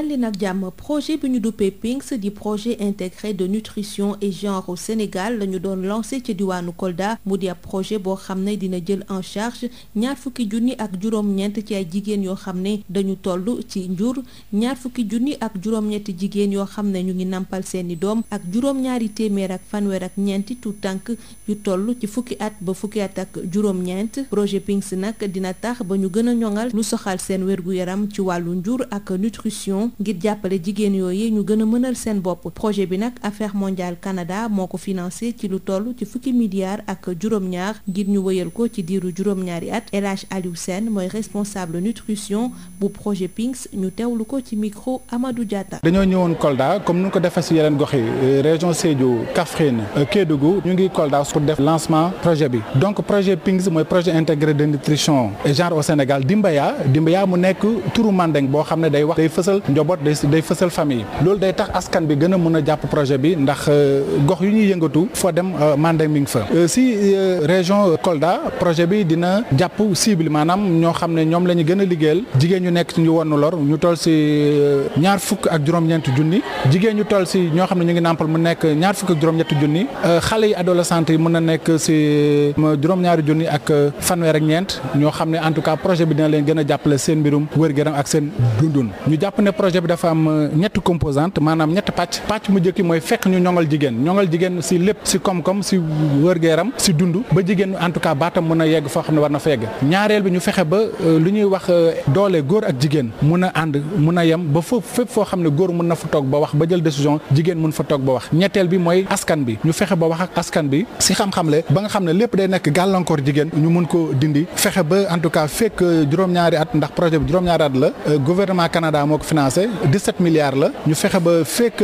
dal leen ak jàmm projet bi ñu duppee PINX di projet intégré de nutrition et genre Sénégal la ñu doon lancé ci diwaanu Kolda mu di ab projet boo xam ne dina jël en charge ñaar fukki junni ak juróom-ñeent ci ay jigéen yoo xam ne dañu toll ci njur ñaar fukki junni ak juróom jigéen yoo xam ne ñu ngi nampal seeni doom ak juróom-ñaari téeméer ak fanweer ak ñeenti tout tànk yu toll ci fukki at ba fukki at ak juróom-ñeent projet PINX nag dina tax ba ñu gën a ñoŋal lu soxal seen wérgu yaram ci wàllu njur ak nutrition ngir jàppale jigéen yooyu ñu gën a mënal seen bopp projet bi nag Affaires mondiales kanada moo ko financé ci lu toll ci fukki milliards ak juróom-ñaar ngir ñu wëyal ko ci diiru juróom-ñaari at El Hadj Aliou mooy responsable nutrition bu projet PINKS ñu teewlu ko ci micro amadu Diatta. dañoo ñëwoon Kolda comme nu ko defee si yeneen gox yi euh, région Sédhiou Kaffrine euh, Kédougou ñu ngi Kolda pour def lancement projet bi donc projet PINKS mooy projet intégré de nutrition genre Sénégal Dimbaya mu nekk turu Mandeng boo xam ne day njaboot day day fësal famille loolu day tax askan bi gën a mën a jàpp projet bi ndax euh, gox yu ñuy yëngatu foo dem euh, mandat mi fa euh, si région Kolda projet bi dina jàpp cible maanaam ñoo xam ne ñoom la ñu gën a liggéeyal jigéen ñu nekk ci ñu wonnu lor ñu toll si ñaar fukk ak juróom-ñeenti junni jigéen ñu toll si ñoo xam ne ñu ngi nàmpal mu nekk ñaar fukk ak juróom-ñetti junni xale yi adolescent yi mën na nekk si juróom-ñaari junni ak fanweer ak ñeent ñoo xam ne en tout cas projet bi dina leen gën a jàppale seen mbirum wér-gu-yaram ak seen projet bi dafa am euh, ñetti composante maanaam ñetti pàcc pàcc mu njëkk mooy fekk ñu ñoŋal jigéen ñoŋal jigéen si lépp si koom si wërgeeram si dund ba jigéen en a yegg foo xam ne war na fa yegg ñaareel bi ñu ba euh, euh, jigéen mun a ba foofu fépp foo xam ne góor mun na fa toog ba wax ba jël décision jigéen mun fa toog ba wax ñetteel bi mooy askan bi ñu fexe ba wax ak askan bi si xam-xam le ba nga xam ne lépp day nekk gàllankoor jigéen ñu mun ko dindi fexe ba en tout cas fekk juróom-ñaari at ndax projet bi juróom-ñaari at la gouvernement Canada moo ko financé dépensé 17 milliards la ñu fexe ba fekk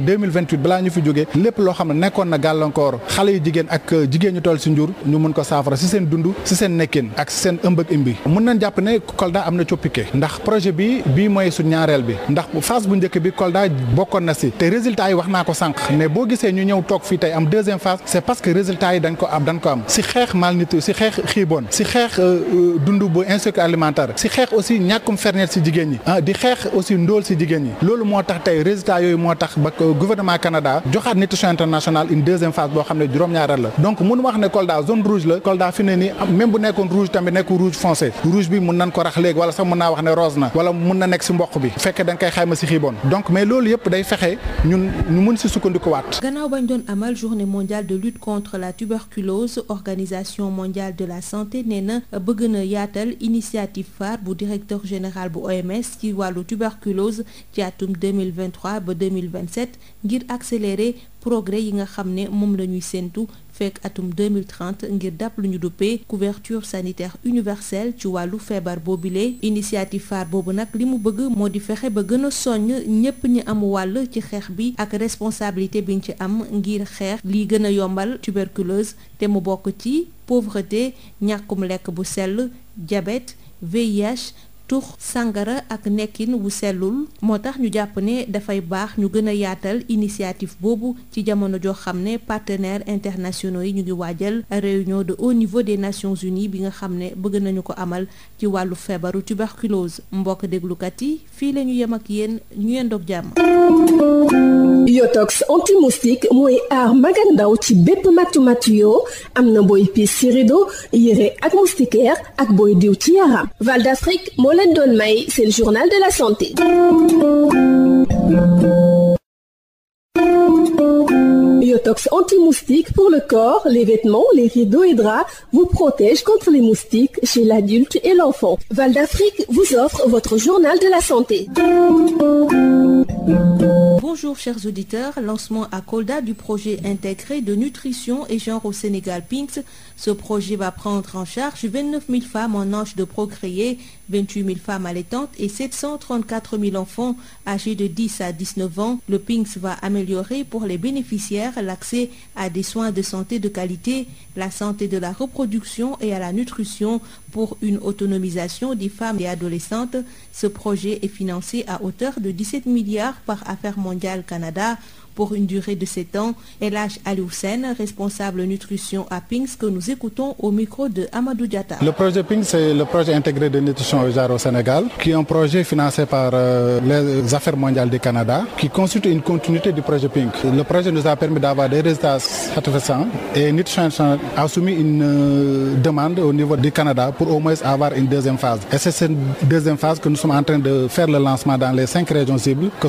2028 euh, balaa ñu fi jógee lépp loo xam ne nekkoon na gàllankoor xale yu jigéen ak euh, jigéen ñu toll si njur ñu mun ko saafara si seen dund si seen nekkin ak si seen ëmb ak imbi mun nañ jàpp ne Kolda am na coppike ndax projet bi bii mooy su ñaareel bi ndax phase bu njëkk bi Kolda bokkoon na si te résultat yi wax naa ko sànq ne boo gisee ñu ñëw toog fii tey am deuxième phase c'est parce que résultat yi dañ ko am dañ ko am si xeex malnutrition si xeex xiiboon si xeex euh, dund bu insécurité si xeex aussi ñàkkum ferñeent jigéen ñi ah, loolu moo tax tey résultat yooyu moo tax ba gouvernement Canada joxaat nutrition internationale une deuxième phase boo xam ne juróom-ñaarat la donc mun wax ne Kolda zone rouge la Kolda fi ne nii même bu nekkoon rouge tamit nekk rouge foncé rouge bi mun nañ ko rax léegi wala sax mun naa wax ne rose na wala mun na nekk si mboq bi fekkee da nga koy xayma si xiiboon donc mais loolu yëpp day fexe ñu mun si sukkandikuwaat gannaaw bañ doon amal journée rose ci atum 2023 ba 2027 ngir accélérer progrès yi nga xam ne moom la ñuy séentu fekk atum 2030 ngir dàpp lu ñu duppee couverture sanitaire universelle ci wàllu feebar boobile initiative phare boobu nag li mu bëgg moo di fexe ba gën a soññ ñépp ñi am wàll ci xeex bi ak responsabilité biñ ci am ngir xeex li gën a yombal tuberculose te mu bokk ci pauvreté ñàkkum lekk bu sell diabète VIH tux sàngara ak nekkin wu sellul moo tax ñu jàpp ne dafay baax ñu gën a yaatal initiative boobu ci jamono joo xam ne partenaires internationau yi ñu ngi waajal réunion de haut niveau des Nations Unies bi nga xam ne bëgg nañu ko amal ci wàllu feebaru tuberculose mbokk déglukat yi fii la ñu yem ak yéen ñu yendoog jàmm yotox anti-moustique mooy aar mag ndaw ci bépp matu matu yoo am na booy piis ci rido yére ak moustiquaire ak booy diw ci yaram leen journal de la santé Yotox anti pour le corps, les vêtements, les rideaux et draps vous protège contre les moustiques chez l'adulte et l'enfant. Val d'Afrique vous offre votre journal de la santé. Bonjour chers auditeurs, lancement à Kolda du projet intégré de nutrition et genre au Sénégal PINX. Ce projet va prendre en charge 29 000 femmes en âge de procréer, 28 000 femmes allaitantes et 734 000 enfants âgés de 10 à 19 ans. Le PINX va améliorer pour les bénéficiaires l'accès à des soins de santé de qualité, la santé de la reproduction et à la nutrition pour une autonomisation des femmes et adolescentes. Ce projet est financé à hauteur de milliards par mondial Canada pour une durée de 7 ans. Elage Aliousène, responsable nutrition à PINGS, que nous écoutons au micro de Amadou Diata. Le projet PINGS, c'est le projet intégré de nutrition au genre au Sénégal, qui est un projet financé par euh, les Affaires mondiales du Canada, qui constitue une continuité du projet PINGS. Le projet nous a permis d'avoir des résultats satisfaisants et Nutrition a soumis une euh, demande au niveau du Canada pour au moins avoir une deuxième phase. Et c'est cette deuxième phase que nous sommes en train de faire le lancement dans les cinq régions cibles, que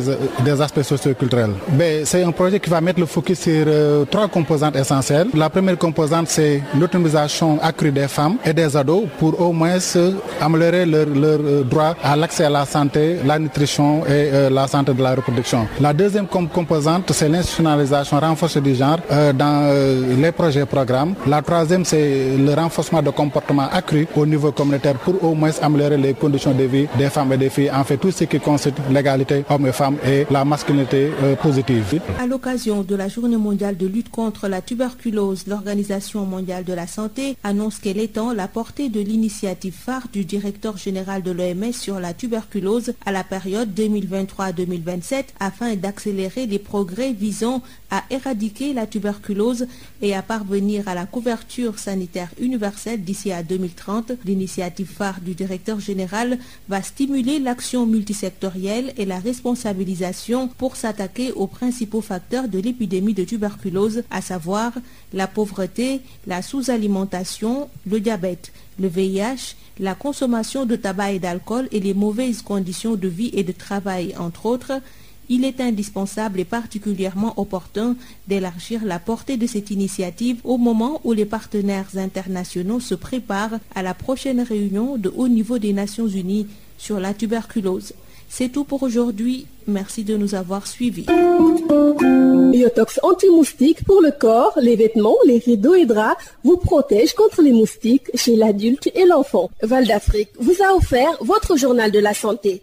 des, des aspects socioculturels. C'est un projet qui va mettre le focus sur euh, trois composantes essentielles. La première composante, c'est l'autonomisation des femmes et des ados pour au moins améliorer leur, euh, droit à l'accès à la santé, la nutrition et euh, la santé de la reproduction. La deuxième com composante, c'est l'institutionnalisation La troisième, c'est le renforcement de comportements accrus au niveau communautaire pour au moins améliorer les conditions de vie des femmes et des filles, en tout ce qui femmes et la masculinité euh, positive. À l'occasion de la Journée mondiale de lutte contre la tuberculose, l'Organisation mondiale de la santé annonce qu'elle étend la portée de l'initiative à la période 2023-2027 afin d'accélérer les progrès visant à éradiquer la tuberculose et à parvenir à la couverture sanitaire universelle d'ici à 2030. L'initiative phare du directeur général va responsabilisation pour s'attaquer aux principaux facteurs de l'épidémie de tuberculose, à savoir la pauvreté, la sous-alimentation, le diabète, le VIH, la consommation de tabac et d'alcool et les mauvaises conditions de vie et de travail, entre autres. Il est indispensable et particulièrement opportun d'élargir la portée de cette initiative au moment où les partenaires internationaux se préparent à la prochaine réunion de haut niveau des Nations Unies sur la tuberculose. C'est tout pour aujourd'hui. Merci de nous avoir suivis. Biotox anti pour le corps, les vêtements, les rideaux et draps vous protège contre les moustiques chez l'adulte et l'enfant. Val d'Afrique vous a offert votre journal de la santé.